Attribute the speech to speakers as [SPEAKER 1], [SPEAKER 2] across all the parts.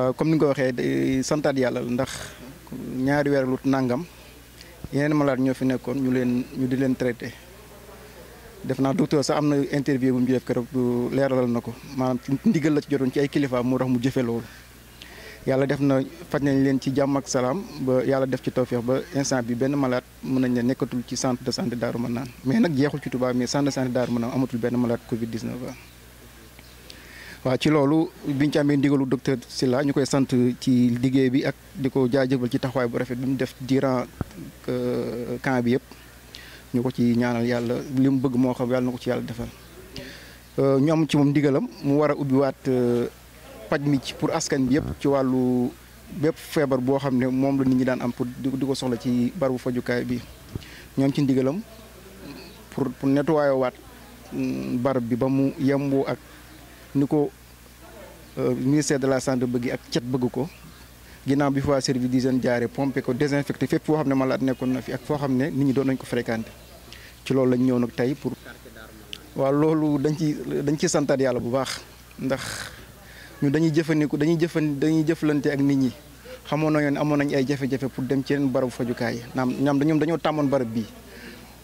[SPEAKER 1] Euh, comme ni nga ko waxee santaat yàlla la ndax ñaari weer lu nàngam yeneen malade ñoo fi nekkoon ñu leen ñu di leen traité def naa docteur sax am na interview bu mu def keroog leeralal na ko maanaam ndigal la ci jotoon ci ay kilifa moo tax mu jëfe loolu yàlla def na faj nañ leen ci jàmm ak salaam ba yàlla def ci tawféex ba instant bi benn malaat mën nañ ne nekkatul ci centre de santé Darou Manane mais nag jeexul ci Touba mais centre de santé Darou Manane amatul benn malade Covid 19 waaw ci loolu biñ ci amee ndigalu docteur Sylla ñu koy sant ci liggéey bi ak di ko jaajëfal ci taxawaay bu rafet bi mu def durant euh, camp bi yëpp ñu ko ci ñaanal yàlla li mu bëgg moo xam yàlla na ko ci yàlla defal euh, ñoom ci moom ndigalam mu war a ubbiwaat euh, paj mi ci pour askan bi yëpp ci wàllu bépp feebar boo xam ne moom la nit ñi daan am pour di ko soxla ci barabu fajukaay bi ñu am ci ndigalam pour pour nettoyer waat mm, barab bi ba mu yemboo ak ni ko euh, ministère de la santé bëgg ak cet bëgg ko ginnaaw bi fois service d'hygiène jaare pompé ko désinfecté fépp foo xam ne malade nekkoon na fi ak foo xam ne nit ñi doon nañ ko fréquenté ci loolu lañ ñëw nag tey pour waa loolu dañ ci dañ ci santaat yàlla bu baax ndax ñu dañuy jëfandiku dañuy jëfan dañuy jëflante ak nit ñi xamoon nañu ne amoon nañ ay jafe-jafe pour dem ci yeneen barabu fajukaay naam ñoom dañoom dañoo tàmmoon barab bii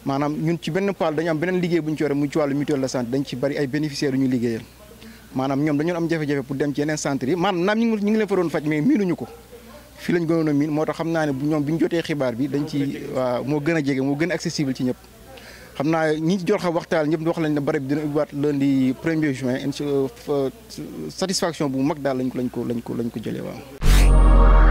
[SPEAKER 1] maanaam ñun ci benn paal dañu am beneen liggéey bu ñu ci yore mu ci wàllu mutuelle de bari ay bénéficiaires yu ñu liggéeyal maanaam ñoom dañoo am jafe-jafe pour dem ci yeneen centre yi maanaam ñu ngi leen fa doon faj mais miinuñu ko fii lañ gënoon a miin moo tax xam naa ne ñoom bi ñu jotee xibaar bi dañ ci waaw moo gën a jege moo gën a accessible ci ñëpp xam naa ñi jor xam waxtaan ñëpp wax lañ ne barab bi dina ubbiwaat lundi premier juin satisfaction bu mag daal lañ ko lañ ko lañ ko lañ ko jëlee waaw